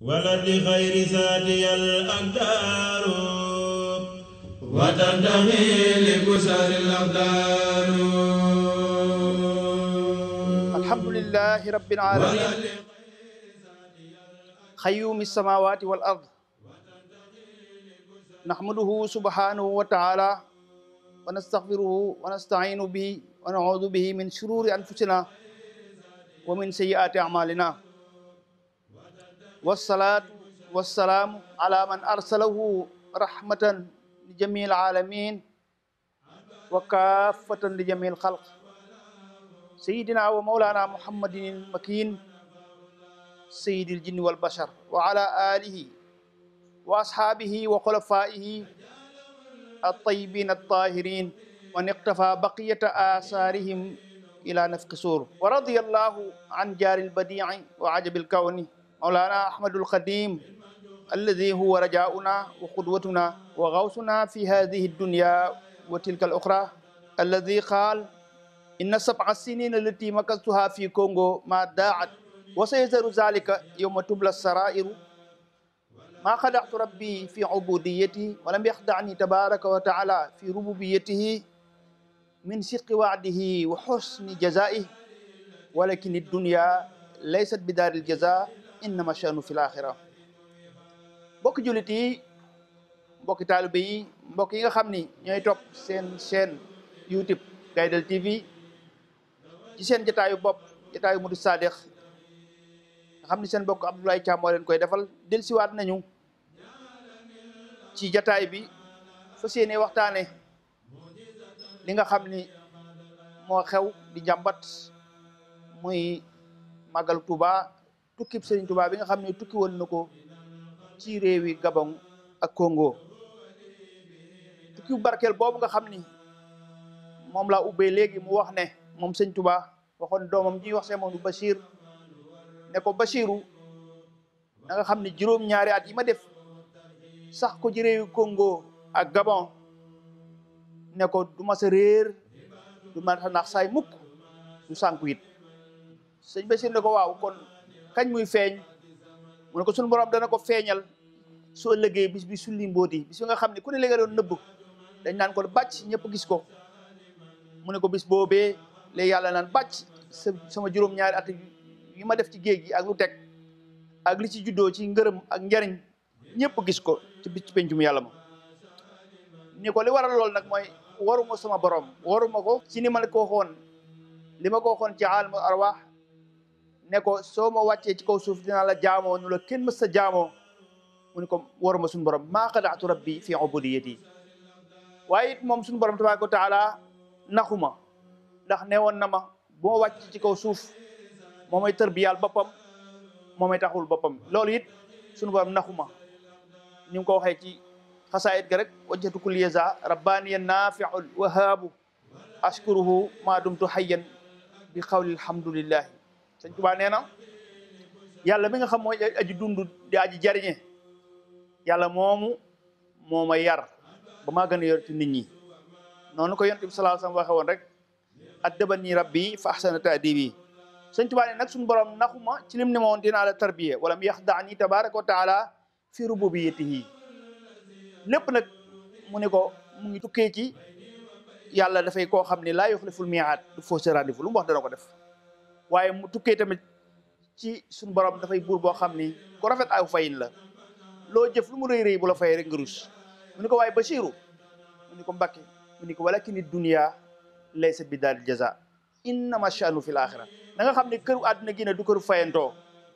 ولد غير ذاتي الأقدار وتنتهي لكسر الأقدار الحمد لله رب العالمين خيوم السماوات والأرض نحمده سبحانه وتعالى ونستغفره ونستعين به ونعوذ به من شرور أنفسنا ومن سيئات أعمالنا والصلاة والسلام على من أرسله رحمة لجميع العالمين وكافة لجميع الخلق سيدنا ومولانا محمد المكين سيد الجن والبشر وعلى آله وأصحابه وخلفائه الطيبين الطاهرين ومن اقتفى بقية آثارهم إلى نفق سور ورضي الله عن جار البديع وعجب الكون مولانا أحمد القديم الذي هو رجاؤنا وقدوتنا وغوثنا في هذه الدنيا وتلك الأخرى الذي قال إن سبع السنين التي مكثتها في كونغو ما داعت وسيزر ذلك يوم تبلى السرائر ما خدعت ربي في عبوديتي ولم يخدعني تبارك وتعالى في ربوبيته من صدق وعده وحسن جزائه ولكن الدنيا ليست بدار الجزاء innama sha'nu fil axira mbokki jullit yi mbokki taalibe yi mbokk yi nga xam ni ñooy topp seen seen YouTube Gaydel TV ci seen jataayu bopp jataayu Mudu Saadix nga xam ni seen bokk Abdoulaye Thiam moo koy defal del siwaat nañu ci jataay bi fas yéene waxtaane li nga xam ni moo xew di jàmbat muy màggal Tuuba tukkib Sëriñ Tuubaa bi nga xam ne tukki woon na ko ci réewi Gabon ak Congo tukki barkeel boobu nga xam ni moom laa ubbee léegi mu wax ne moom Sëriñ Tuubaa waxoon doomam ji wax semoonu Bachir ne ko Bachiru da nga xam ne juróom-ñaari at yi ma def sax ko ci réewi Congo ak Gabon ne du ma sa réer du ma sa saay mukk du sànku it sëñ Bachir waaw kon kañ muy feeñ mu ne ko suñu borom dana ko feeñal soo ëllëgee bis bi sulli mbóoti bis bi nga xam ne ku ne léegi doon nëbb dañ naan ko bàcc ñëpp gis ko ne ko bis boobee léegi yàlla naan bàcc sama juróom-ñaari at yi ma def ci géej gi ak lu teg ak li ci juddoo ci ngërëm ak njariñ ñëpp gis ko ci bis ci yàlla ma ni ko li waral lool nag mooy waruma sama boroom waruma ko ci ni ma ko waxoon li ko waxoon ci aalmu ne ko soo ma wàccee ci kaw suuf dinaa la jaamoo nu la kenn mës sa jaamoo mu ne ko waruma suñu borom maa xadaatu rabbi fi ubudiyati waaye it moom suñu borom tabaaraka wa taala naxuma ndax ne woon na ma bu ma wàcc ci kaw suuf moo may tërbiyaal boppam moo may taxul boppam loolu it suñu borom naxuma ni mu ko waxee ci xasaayit ga rek wajjatu kulliyeza rabbaniya naafiul wahaabu ashkuruhu maa dumtu hayyan bi qawli alhamdulillahi sëñ Tuubaa nee na yàlla mi nga xam mooy aji dund di aji jariñe yàlla moomu moo ma yar ba maa gën a yor ci nit ñi noonu ko yonent bi sallallahu alayhi wasallam waxe woon rek addabani rabbi fa ahsana ta'dibi sëñ Tuubaa ne nag suñu borom naxuma ci lim ne ma woon dinaa la tarbiye wala mu yaxdaani tabaraka wa taala fi rububiyatihi lépp nag mu ne ko mu ngi tukkee ci yàlla dafay koo xam ni laa yuxliful mi'aad du fausse rendez-vous lu wax dana ko def waaye mu tukkee tamit ci suñu borom dafay buur boo xam ni ku rafet aw fayin la loo jëf lu mu rëy rëy bu la rek nga rus mu ni ko waaye Basiru mu ni ko Mbàkke mu ni ko walakini dunya laysa bi daal jaza innama sha'nu fil axira da nga xam ne kër àdduna gi du këru fayantoo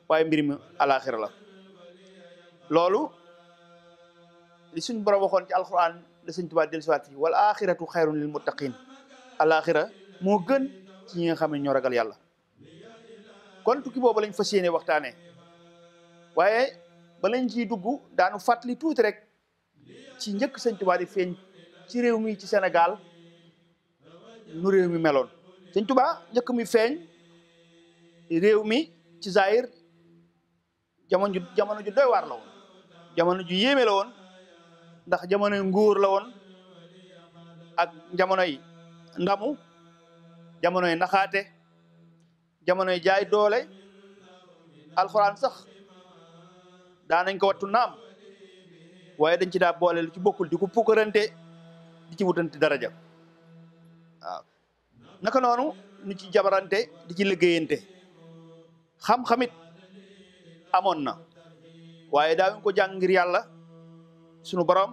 waaye mbir mi alaxira la loolu li suñ borom waxoon ci alquran la suñ tubaab dellusiwaat yi wal axiratu xayrun lil muttaqin alaxira moo gën ci ñi nga xam ne ñoo ragal yàlla kon tukki boobu lañ fas yéene waxtaanee waaye balañ ciy dugg daanu fàttali tuuti rek ci njëkk Sëñ Tuubaa di feeñ ci réew mi ci Sénégal nu réew mi meloon Sëñ Tuubaa njëkk mi feeñ réew mi ci Zaïr jamono ju jamono ju doy waar la jamono ju yéeme lawoon ndax jamono nguur la woon ak jamonoy ndamu jamonoy naxaate jamonoy jaay doole alxuraan sax daanañ ko wattu naam waaye dañ ci daa boole lu ci bokkul di ko pukkarante di ci wutante daraja waaw naka noonu ñu ci jabarante di ci liggéeyante xam-xamit amoon na waaye daawuñ ko jàng ngir yàlla sunu borom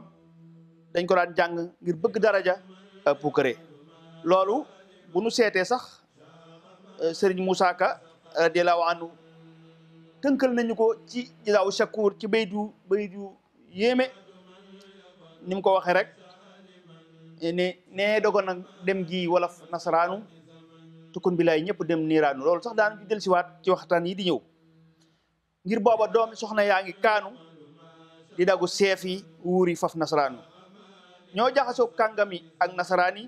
dañ ko daan jàng ngir bëgg daraja pukkare loolu bu nu seetee sax Euh, Serigne Moussa Ka radiyallahu euh, anhu tënkal nañu ko ci jizaaw shakur ci baydu baydu yéeme ni mu ko waxee rek ne nee dogoon dem gi wolof nasaraanu tukkun bi lay ñëpp dem niiraanu lool sax daan ñu siwaat ci waxtaan yi di ñëw ngir booba doomi soxna yaa ngi kaanu di dagu seefi yi wuuri faf nasaraanu ñoo jaxasoo kàngami ak nasaraan yi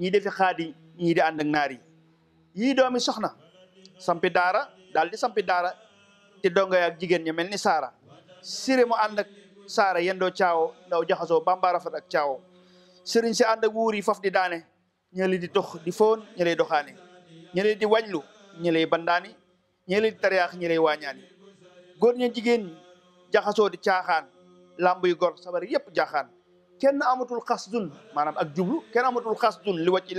ñii defi xaadi ñii di ànd ak naar yi yi doomi soxna sampi dara daldi di sampi ya ci dongo ak jigen ñu melni sara sire siri mu and ak sara yendo ciao ndaw jaxaso bambara rafat ak ciao serigne ci and ak wuri yi faf di daane ñëli di dox di foon ñëlay doxaani ñëlay di wañlu ñëlay bandani ñëlay di tariax ñëlay wañani gor ñe jigen jaxaso di chaxan lamb yu gor sabar yep jaxan kenn amatul khasdun manam ak jublu kenn amatul khasdun li wacc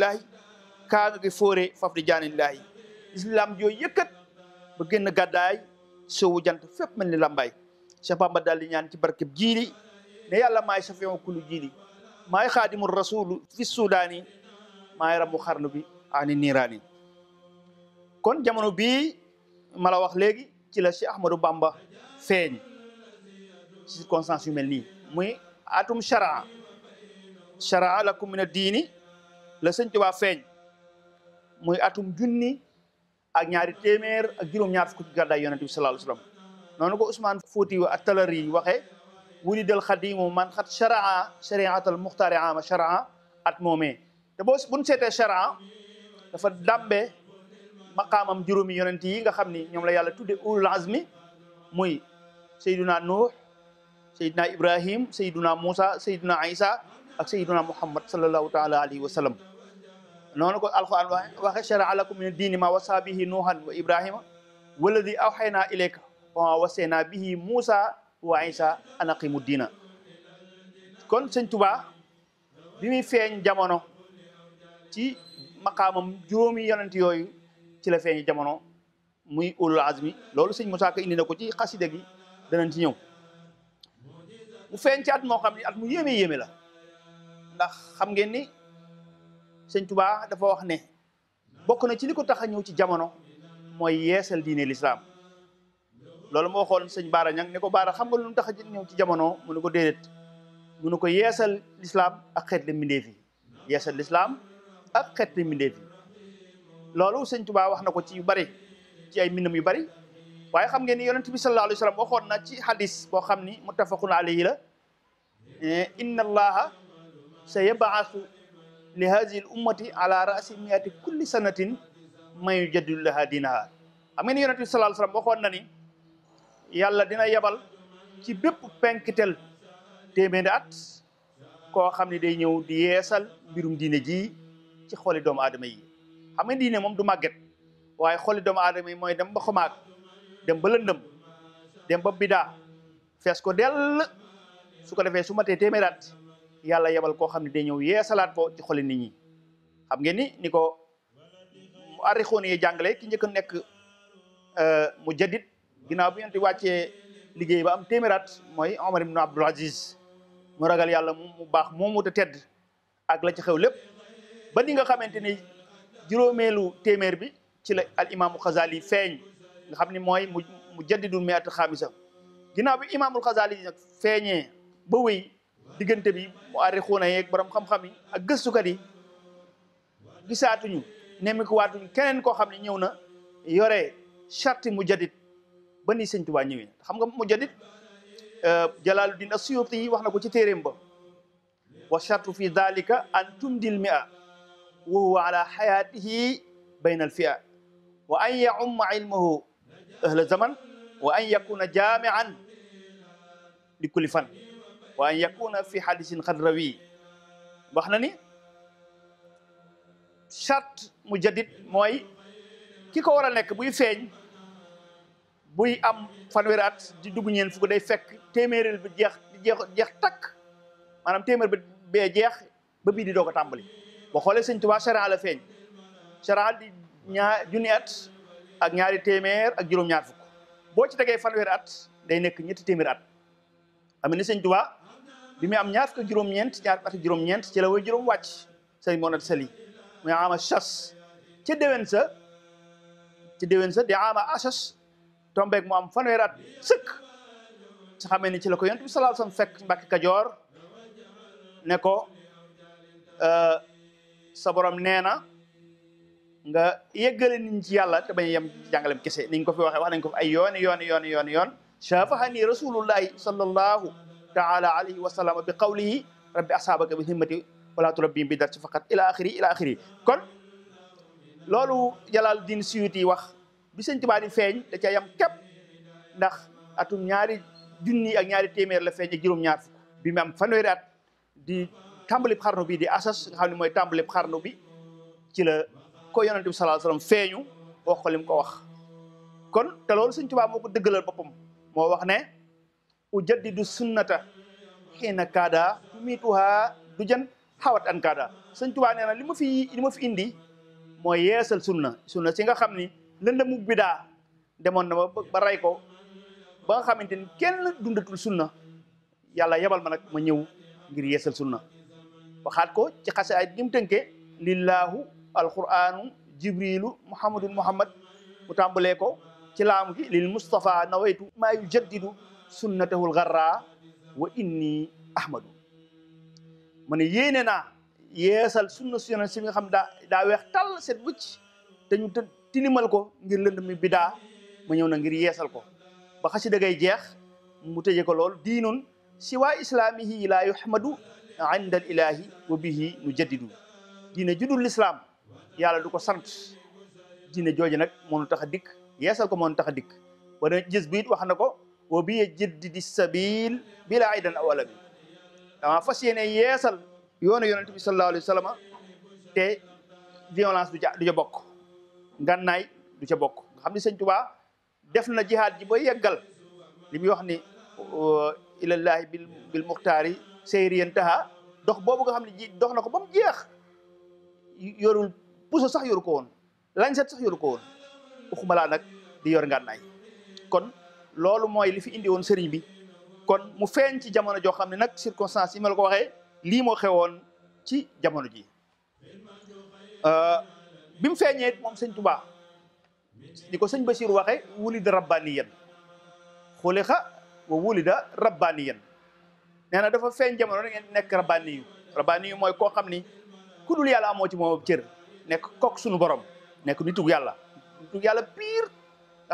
kaanuge foore fafde jaanillahi islam jo yëkkat ba génn gàddaay sowu jant fépp mel ni lambay Cheikh Bamba daal di ñaan ci barkeb jiili ne yàlla maay safion kulu jiili maay xaadimul rasulu fi sudaani maay rabu xarnu bi ani niiraani kon jamono bii mala wax léegi ci la Cheikh Ahmadou Bamba feeñ circonstance yu mel nii muy atum charaa charaa lakum diini la sëñ Tuubaa feeñ muy atum junni ak ñaari téeméer ak juróom-ñaar fukk ci gàddaay yonent bi sallallahu alayhi wa noonu ko Ousmane Fouti wa at-Talari yi waxee wulidal xadimu man xat charaa chariatal ama charaa at moomee te boo buñ seetee charaa dafa dàmbee maqaamam juróomi yonent yi nga xam ni ñoom la yàlla tude ulul azmi muy sayduna nuux sayduna ibrahim sayduna musa sayduna isa ak sayduna muhammad sallallahu taala alayhi wa noonu ko alquran waxe waxe shara lakum min diini ma wasa bihi nuuhan wa ibrahima walladi awxayna ilayka wa wasayna bihi muusa wa isa an aqimu diina kon sëñ Tuubaa bi muy feeñ jamono ci maqaamam juróomi yonent yooyu ci la feeñ jamono muy ulul azmi loolu sëñ Musaa Ka indi na ko ci xasida gi danañ ci ñëw mu feeñ ci at moo xam ne at mu yéeme yéeme la ndax xam ngeen sëñ tubaa dafa wax ne bokk na ci li ko tax a ñëw ci jamono mooy yeesal diine lislaam loolu moo xool sëñ Baara ñang ne ko Baara xam nga lu tax a ñëw ci jamono mu ne ko déedéet mu ne ko yeesal lislaam ak xeet li mbindeef yi lislaam ak xeet li mbindeef yi loolu sëñ Tuubaa wax na ko ci yu bari ci ay mbindam yu bari waaye xam ngeen ni yonent bi sallallahu alayhi wa sallam na ci hadis boo xam ni muttafaqun alayhi la inna allaha sa yabaasu li hadihi l ummati ala rasi miati kulli sanatin man yujaddidu laha diinaha xam ngeen yonent bi sallallahu alayhi wasallam waxoon na ni yàlla dina yebal ci bépp penkitel téeméeri at koo xam ne day ñëw di sal mbirum diine ji ci xooli doomu aadama yi xam ngeen diine moom du màgget waaye xooli doomu aadama yi mooy dem ba xumaag dem ba lëndëm dem ba bidaa fees ko dell su ko defee su matee téeméeri yàlla yebal koo xam ne day ñëw salaat ko ci xoli nit ñi xam ngeen ni ni ko mu arrixoon yi jàngale ki njëkk nekk euh, mu ginaaw ginnaaw bu ñeenti wàccee liggéey ba am téeméeraat mooy Omar ibn Abdul Aziz mu ragal yàlla mu baax moomu te tedd ak la ci xew lépp ba ni nga xamante ni juróomeelu téeméer bi ci la al imaamu Xasaali feeñ nga xam ni mooy mu mu jaddidul mi at xaamisa ginnaaw bi imaamul Xasaali nag feeñee ba wéy digënté bi mu aari xuna yeeg borom xam-xam yi ak gëstukat yi gisaatuñu nemmiku waatuñu keneen ko xamni ñewna ñëw na yore charte mujadid ba ni sëñ Tuubaa ñewé xam nga mujadid euh jalaluddin asyuti wax na ko ci téréem ba wa shartu fi dhalika an tumdil mia wa huwa ala xayaatihi bayna alfia wa an yaumma ilmuhu ahla zaman wa an yakuna jami'an li kulli fan wa an yakuna fi hadisin xad rawi wax na ni charte mujaddid mooy ki ko war a nekk buy feeñ buy am fanweeri at di dugg ñeen fukk day fekk téeméeril bi jeex jeex jeex takk maanaam téeméer bi jeex ba bii di doog a tàmbali boo xoolee sëñ Tuubaa charia la feeñ charia di ñaar at ak ñaari téeméer ak juróom-ñaar fukk boo ci tegee fanweeri at day nekk ñetti téeméer at xam ne sëñ bi muy am ñaar ko juróom-ñeent ñaar ati juróom-ñeent ci la way juróom wàcc sëriñ Moor Anta Sali muy ama chas ci déwén sa ci déwén sa di ama achas mu am fanweer at sëkk ci ni ci la ko yonent bi sallallahu alayhi wasallam fekk Mbàkke Kajoor ne ko euh, sa borom nee na nga yeggale nit ñi ci yàlla te bañ a yem jàngalem kese ni ñu ko fi waxee wax nañ ko fi ay yooni yoon yooni yooni yoon safaha ni rasulullahi sallallahu ta'ala alaihi bi qawlihi rabbi ashabaka bi himmati بالهمة ولا تربيهم بدرس فقط إلى آخره إلى آخره كن لولو جلال الدين suyuti wax bi seigne touba di feñ da ca yam kep ndax atum ñaari junni ak ñaari témèr la feñ ak juroom ñaar fuk bi mi am fanweer at di tambali xarnu bi di asas nga xamni moy tambali xarnu bi ci la ko yonnati bi sallallahu alayhi wasallam feñu wax ko lim ko wax kon te lolou seigne touba moko deugalal bopam mo wax ne ujaddidu sunnata xiina kaada tumiituha du jan xawat an kaada sëñ tubaa nee na li ma fi li ma fi indi mooy yeesal sunna sunna si nga xam ni mu bidaa demoon na ba ray ko ba nga xamante ni kenn dundatul sunna yàlla yebal ma nag ma ñëw ngir yeesal sunna waxaat ko ci xase ay ñim tënke lillaahu alquranu jibrilu muhammadun muhammad mu tàmbalee ko ci laamu gi lil mustafa nawaytu maa yujaddidu sunnatahul garra wa inni ahmadu ma ne yéene naa yeesal sunna su si nga xam daa daa weex tàll set wëcc te ñu tilimal ko ngir lënd mi bidaa ma ñëw na ngir yeesal ko ba xasi da ngay jeex mu tëje ko lool diinun si waa islaamihi laa yuhmadu inda al ilahi wa bihi nu jaddidu diine judul lislaam yàlla du ko sant diine jooju nag moo nu tax a dikk yeesal ko moo nu tax a dikk wala gis wax na ko wa bi jiddidi sabil bila aidan aw alamin dama fas yene yeesal yoonu yonent bi sallallahu alayhi wasallam te violence du ca du ca bokk gannaay du ca bokk xam seigne touba def na jihad ji ba yeggal limi wax ni ila allah bil bil muhtari sayriyan taha dox bobu nga xamni dox nako bam jeex yorul puso sax sah ko won lañ set sax ko won nak di yor ngannay kon lolou moy li fi indi won serigne bi kon mu feeñ ci jamono jo xamni nak nag circonstance yi mel ko waxe li mo xewon ci jamono ji euh bim feñe mom serigne touba ni serigne bassir waxe wulida rabbaniyan khulikha wa wulida rabbaniyan neena dafa feñ jamono da ngeen nek rabbaniyu rabbaniyu mooy koo xam ni ku dul yàlla amoo ci mom ab nek kok sunu borom nek nitu yalla nitu yalla pire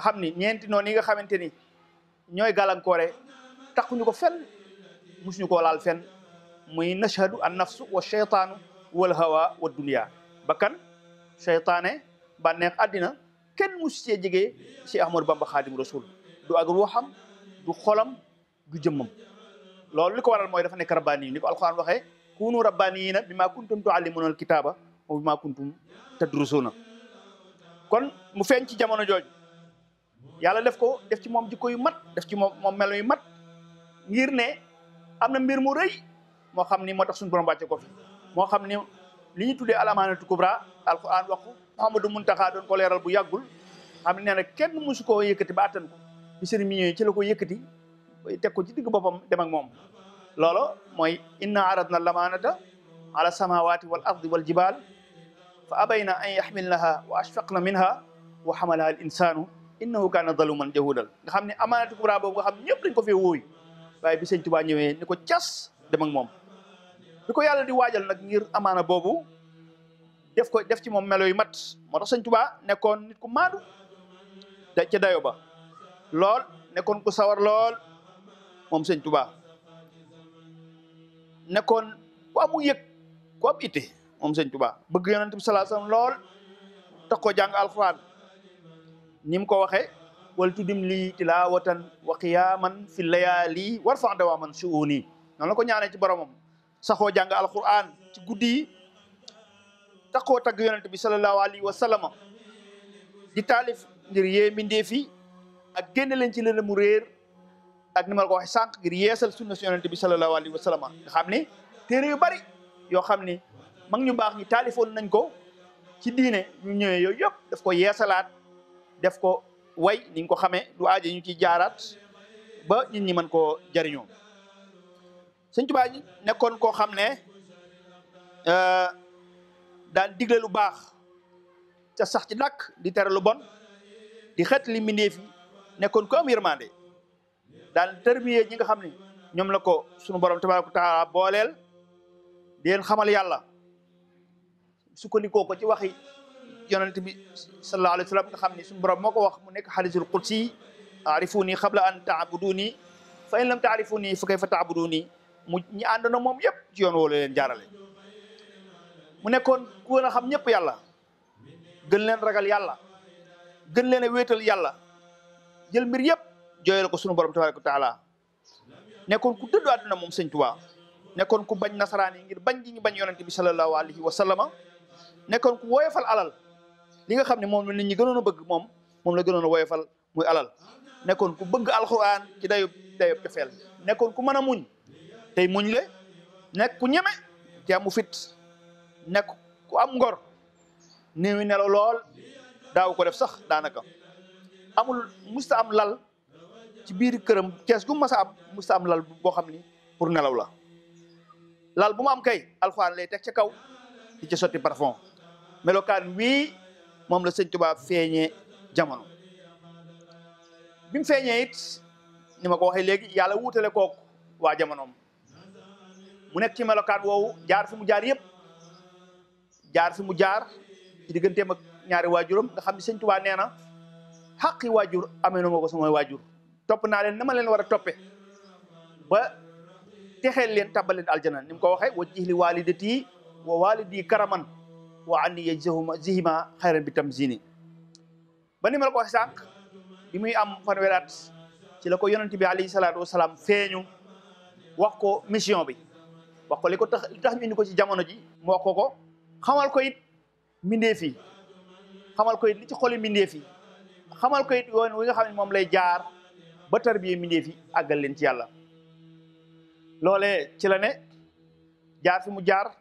xamni ñenti ni yi nga xamanteni ñooy gàllankoore taxuñu ko fenn musuñu koo laal fenn muy nashhadu an nafsu wa shaytaanu wal hawa wa dunia bakkan shaytaane bànneex àddina kenn musu cee jege ci Ahmadu Bamba Xaadimu Rasul du ak ruuxam du xolam du jëmmam loolu li ko waral mooy dafa nekk rabbaani yi ni ko alxuraan waxee kunu rabbaaniyiina bimaa kuntum tuallimuuna al kitaaba wa bimaa kuntum tadrusuuna kon mu feeñ ci jamono jooju yàlla def ko def ci moom jikko yu mat def ci moom moom melo yu mat ngir ne am mbir mu rëy moo xam ni moo borom wàcce ko fi moo xam li ñu tuddee alamaanatu kubra alquran wax ko Muhammadu Muntaxa doon ko leeral bu yàggul xam ne nee na kenn mësu koo yëkkati ba attan ko bi sëriñ mi ci la ko yëkkati teg ko ci digg boppam dem ak moom loolu mooy inna aradna lamaanata ala samawati wal ardi wal jibal fa abayna an yaxmilnaha wa ashfaqna minha wa xamalaha al insanu innahu kaana zaluman jahuudan nga xam ne amaanatu kubra boobu nga xam ne ñëpp dañ ko fee wóoy waaye bi sëñ Tuubaa ñëwee ni ko cas dem ak moom bi ko yàlla di waajal nag ngir amaana boobu def ko def ci moom melo yu mat moo tax sëñ Tuubaa nekkoon nit ku maadu da ca dayo ba lool nekkoon ku sawar lool moom sëñ Tuubaa nekkoon ku amu yëg ku am itte moom sëñ Tuubaa bëgg yonent bi sallallahu lool tax ko jàng alxuraan ni mu ko waxee wal tuddim lii tilawatan wa qiyaman fi layaali wa man shuuni noonu la ko ñaanee ci boromam saxoo jàng alquran ci guddi yi taxoo tagg yonent bi salallahu alayhi wa sallama di taalif ngir yee mbindeef yi ak génne leen ci lëndëm mu réer ak ni ma ko waxee sànq ngir yeesal sunna si yonent bi salallahu alayhi wa xam ne téere yu bari yoo xam ni mag ñu baax ñi taalifoon nañ ko ci diine ñu ñëwee yooyu yëpp ko yeesalaat def ko way niñ ko xamé du aaje ñu ci jaarat ba nit ñi ko jariño señ tuba Tuubaa nekkon ko xamné euh daan digle lu baax ca sax ci nak di téré lu bon di xet li mbindeef fi nekkon ko am yermandé daan tërbiye ñi nga xamné ñom la ko suñu borom taala di len xamal ko ci waxi yonent bi sallallahu alayhi wa sallam nga xam ni suñu borom moo ko wax mu nekk xadisul qudsi aarifuni xabla an taabuduni fa in lam taarifuni fa kayfa taabuduni mu ñi àndoon ak moom yëpp ci yoon woola leen jaarale mu nekkoon ku gën a xam ñëpp yàlla gën leen ragal yàlla gën leen a wéetal yàlla jël mbir yëpp jooyal ko sunu borom tabaraka wa taala nekkoon ku dëddu àdduna moom sëñ Tuubaa nekkoon ku bañ nasaraan yi ngir bañ gi ñu bañ yonente bi sallallahu alayhi wa sallama nekkoon ku woyofal alal li nga xam ne moom la nit ñi gënoon a bëgg moom moom la gënoon a woyofal muy alal nekkoon ku bëgg alxuraan ci dayub dayub cofeel nekkoon ku mën a muñ tey muñ le nekk ku ñeme ci amu fit nekk ku am ngor niwi nelaw lool daaw ko def sax daanaka amul musta am lal ci biir këram kees gu masa am musta am lal boo xam ni pour nelaw la lal bu mu am kay alxuraan lay teg ci kaw di ci sotti parfum melokaan wii moom la sëñ Tuubaa feeñee jamono bi mu feeñee it ni ma ko waxee léegi yàlla wuutale kooku waa jamonoom mu nekk ci melokaan woowu jaar fi mu jaar yëpp jaar fi mu jaar ci digganteem ak ñaari waajuram nga xam ne sëñ Tuubaa nee xaqi waajur amee na ma ko samay waajur topp naa leen na ma leen war a toppe ba texeel leen tàbbaleen aljana ni mu ko waxee wa jihli waalidati wa waalidi karaman wa an yajzihima xayran bi tamzini ba ni ma la ko wax sànq bi muy am fanweeraat ci la ko yonent bi alayhi salaatu wasalaam feeñu wax ko mission bi wax ko li ko tax li tax ñu indi ko ci jamono ji mu wax ko ko xamal ko it mbindeef yi xamal ko it li ci xoli mbindeef yi xamal ko it wi nga xam moom lay jaar ba tarbiye mbindeef yi àggal leen ci yàlla loolee ci la ne jaar fi mu jaar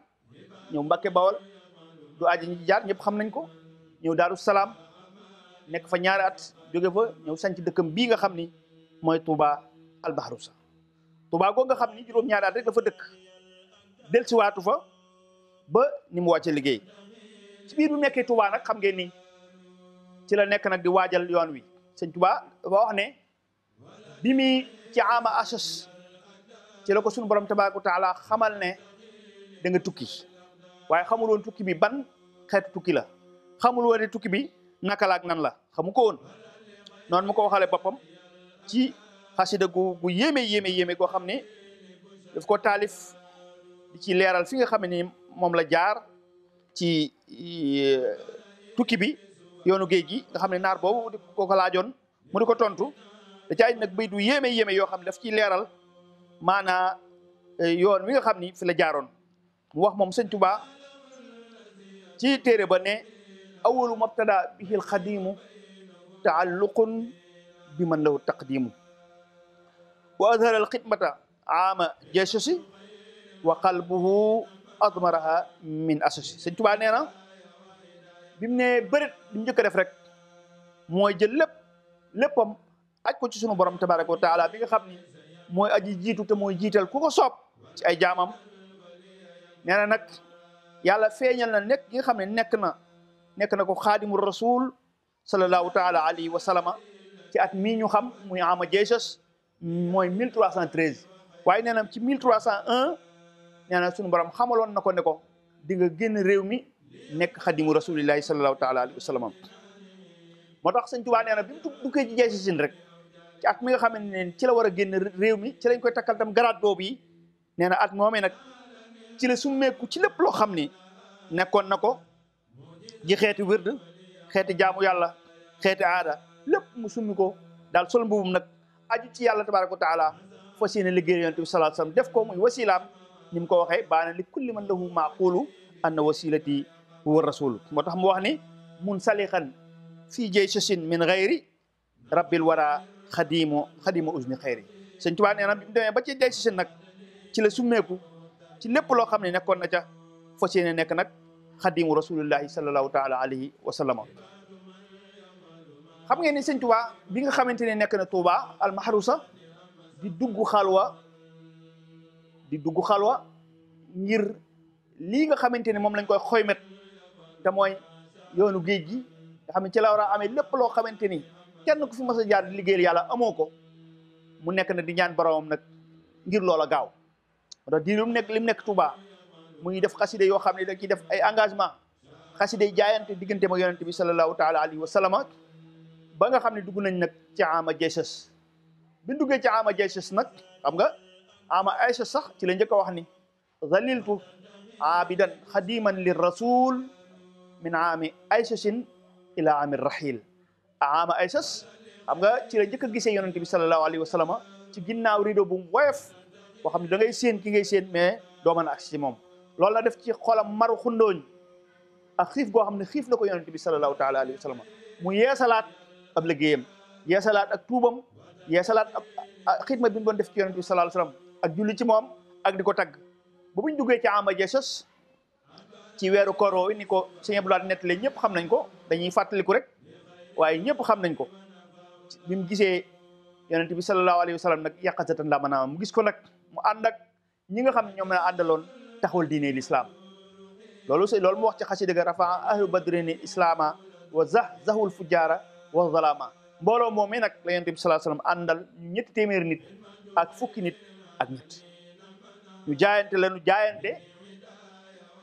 ñëw Mbàkke Bawol du aji ñi jaar ñep xam nañ ko ñew daru salam nek fa ñaar at joge fa sañ ci dekkam bi nga xam ni mooy Touba sa Touba go nga xam ni juroom ñaar at rek dafa dekk del ci watu fa ba ni mu wacce liggey ci bir bu nekké Touba nak xam ngeen ni ci la nek nak di wajal yoon wi sëñ Touba ba wax ne bi mi ci ama asas ci la ko sunu borom tabaaraku taala xamal ne da nga tukki waaye xamul woon tukki bi ban xeetu tukki la xamul woon tukki bi naka la nan la xamu ko woon noonu ko waxale boppam ci xasida gu gu yéeme yéeme yéeme goo xam ne daf ko taalif ci leeral fi nga xam ne moom la jaar ci e, tukki bi yoonu géej gi nga xam ne naar boobu ko ko laajoon mu di ko tontu da caay nag bay du yéeme yéeme yoo xam ne daf ciy leeral maanaa e, yoon wi nga xam ni fi la jaaroon mu wax moom sëñ Tuubaa تيتيري بني أول مبتدا به القديم تعلق بمن له تقديم وأظهر القدمة عام جاشسي وقلبه أضمرها من أساسي سنتو بعني أنا بمني برد بمجيك رفرك موجل لب لبم أجكو تسنو برام تبارك وتعالى بيك خبني موي جيتو تموي كوكو صوب أي جامم نانا نكت yàlla feeñal na nekk gi nga xam ne nekk na nekk na ko xaadimu rasul sallallahu taala alayhi wa salama ci at mii ñu xam muy ama Jesus mooy 1313 waaye nee na ci 1301 nee na suñu borom xamaloon na ko ne ko di nga génn réew mi nekk xadimu rasulillahi sallallahu taala alayhi wa salama moo tax sëñ Tuubaa nee na bi mu duggee ci rek ci at mi nga xam ne ci la war a génn réew mi ci lañ koy takkal tam garaat boobu yi nee na at moomee nag ci la summeeku ci lépp loo xam ni nekkoon na ko ji xeeti wird xeeti jaamu yàlla xeeti aada lépp mu summi ko daal sol mbubum nag aju ci yàlla tabaraka wa taala fas yéene liggéey yonent bi sallallahu alayhi wasallam def ko muy wasilaam ni mu ko waxee baana li kulli man lahu maaqulu anna wasilati huwa rasul moo tax mu wax ni mun salixan fii jay sosin min xayri rabbil wara xadimu xadimu usni xayri sëñ Tuubaa nee na bi mu demee ba ci jay sosin nag ci la summeeku ci lépp loo xam ne nekkoon na ca fas yéene nekk nag xadimu rasulillahi sallallahu taala alayhi wa sallama xam ngeen ni sëñ bi nga xamante ne nekk na Tuubaa almaharusa di dugg xalwa di dugg xalwa ngir lii nga xamante ne moom lañ koy xoymet te mooy yoonu géej gi nga xam ci la amee lépp loo xamante ni kenn ku fi mas a jaar di liggéeyal yàlla amoo ko mu nekk na di ñaan boromam nag ngir loola gaaw da lu nek lim nek touba waham, def khasside yo xamne da ki def ay engagement khasside jayante digeunte ma yonnati bi sallallahu ta'ala alaihi wasallam ba nga xamne duggu nañ nak ci ama jesus bi duggé ci ama jesus nak xam nga ama aisha sax ci la ñëk wax ni zaliltu abidan khadiman lirrasul min ami sin ila amir rahil ama aisha xam nga ci la ñëk gisé yonnati bi sallallahu alaihi wasallam ci ginnaw rido bu boo xam ne da séen ki ngay séen mais doo mën a agsi moom loolu la def ci xolam maru xundooñ ak xiif goo xam ne xiif na ko yonent bi sallallahu taala alayhi wa sallam mu yeesalaat ab liggéeyam yeesalaat ak tuubam yeesalaat ak xidma bi mu doon def ci yonent bi sallallahu alayhi ak julli ci moom ak di ko tagg ba buñ duggee ci ama Jesus ci weeru koro wi ni ko sëñ Abdoulaye nettali ñëpp xam nañ ko dañuy fàttaliku rek waaye ñëpp xam nañ ko bi mu gisee yonent bi sallallahu alayhi wa nag nag yàqatatan la maanaam mu gis ko nag mu ànd ak ñi nga xam ñom la andalon taxul diine l'islam lolu si lolu mu wax ci khasida ga rafa ahlu badrini islama wa zahzahu zahul fujara, wa zalama mbolo momi nak la yonent sallallahu alayhi wasallam andal ñetti témer nit ak fukki nit ak ñett ñu jaayante la ñu jaayante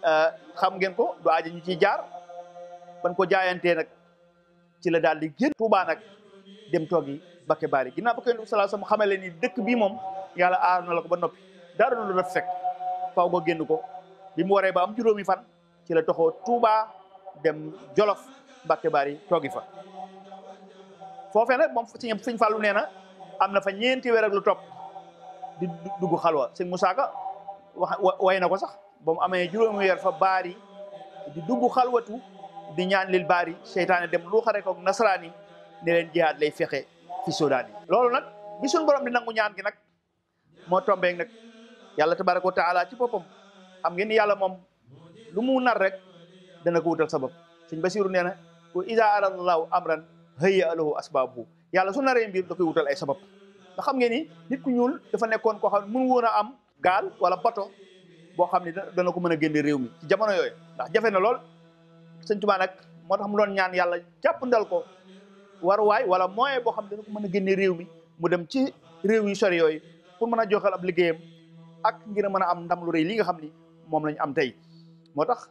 euh, xam ngeen ko du aaji ñu ci jaar ban ko jaayante nak ci la dal di génn touba nak dem togi Bakke bari ginaa ba ko yonent bi salaa salaam xamale ni dekk bi mom yalla aar na lako ba nopi dara lu la fekk faaw nga génn ko bi mu ba am juroomi fan ci la taxo Touba dem Jolof bakke Bari togi fa fofé nak mom sëñ Fàllu nee na am na fa ñenti wér ak lu top di duggu xalwa seigne Moussa Ka wayna ko sax ba mu amee juróomi fa bari di duggu xalwatu di ñaan lil bari seytaane dem lu xare ko nasrani ne len jihad lay fexé fi Sudan yi nak bisun borom di nangu ñaan gi nak moo tombeeg nag yàlla tabaraka wa taala ci boppam xam ngeen ni yàlla moom lu mu nar rek dana ko wutal sabab sëñ Basiru nee na wa iza aradallahu amran hayya lahu asbabu yàlla su naree mbir da koy wutal ay sabab nga xam ngeen ni nit ku ñuul dafa nekkoon ko xam ne mënu a am gaal wala bato boo xam ne dana ko mën a génne réew mi ci jamono yooyu ndax jafe na lool sëñ Tuubaa nag moo tax mu doon ñaan yàlla jàpp ndal ko waruwaay wala moyen boo xam ne dana ko mën a génne réew mi mu dem ci réew yu sori yooyu pour mën a joxal ab liggéeyam ak ngir a mën a am ndam lu rëy li nga xam ni moom lañ am tey moo tax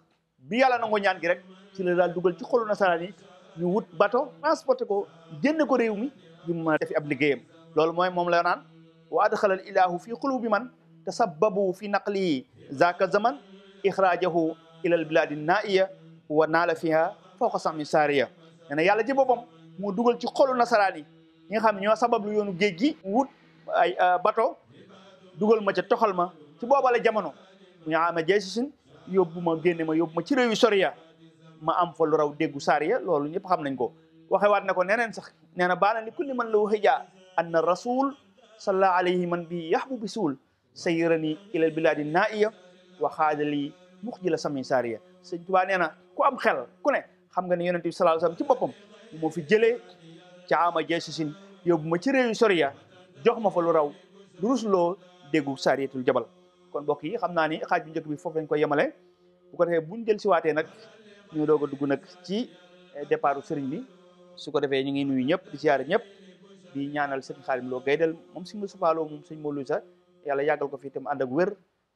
bi yàlla nangoo ñaan gi rek ci la daal dugal ci xolu nasaraan yi ñu wut bato transporté ko jënd ko réew mi ñu mën a defi ab liggéeyam loolu mooy moom la naan wa adxalal ilahu fi qulubi man tasabbabu fi naqlihi zaka zaman ixrajahu ilal biladi naiya wa naala fiha fawqa sami saariya nee na yàlla ci boppam moo dugal ci xolu nasaraan yi ñi nga xam ne ñoo sabab lu yoonu géej gi wut ay euh, bateau dugal ma ca toxal ma ci boobale jamono ñu ama ah, jay si sin yóbbu ma génne ma yóbbu ma ci réew yi soriya ma am fa raw déggu saariya loolu ñëpp xam nañ ko waxewaat na ko neneen sax nee na baana li kulli man law hëja anna rasul salla alayhi man bi yahbu bi suul sayrani ilal biladi naiya wa xaadali mux ji la sami saariya sëñ tubaa nee na ku am xel ku ne xam nga ni yonente bi sallallahu alayhi wasallam ci boppam moo fi jëlee ca ama jay si sin yóbbu ma ci réew yi jox ma fa lu raw lu rusloo déggu saariyatul jabal kon mbokk yi xam naa ni xaaj bu njëkk bi foog lañ ko yemale bu ko defee buñ del siwaatee nag ñu doog a dugg nag ci eh, départu sëriñ bi su ko defee ñu ngi nuyu ñëpp di siyaare ñëpp di ñaanal sëriñ Xaadim Lo Gaydel moom sëriñ Moustapha Lo moom sëriñ Mawlu sa yàlla yàggal ko fi itam ànd ak wér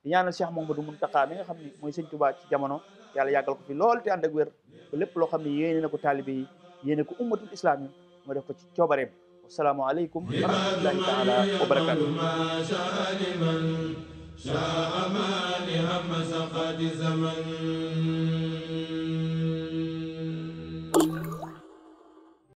di ñaanal Cheikh Mouhamadou Mountakha mi nga xam ne mooy sëriñ Tuubaa ci jamono yàlla yàggal ko fi lool te ànd ak wér ba lépp loo xam ne yéene na ko taalibe yi yéene ko ummatul islam yi moo def ko ci coobareem السلام عليكم ورحمة الله تعالى وبركاته شاء ما لهم زمن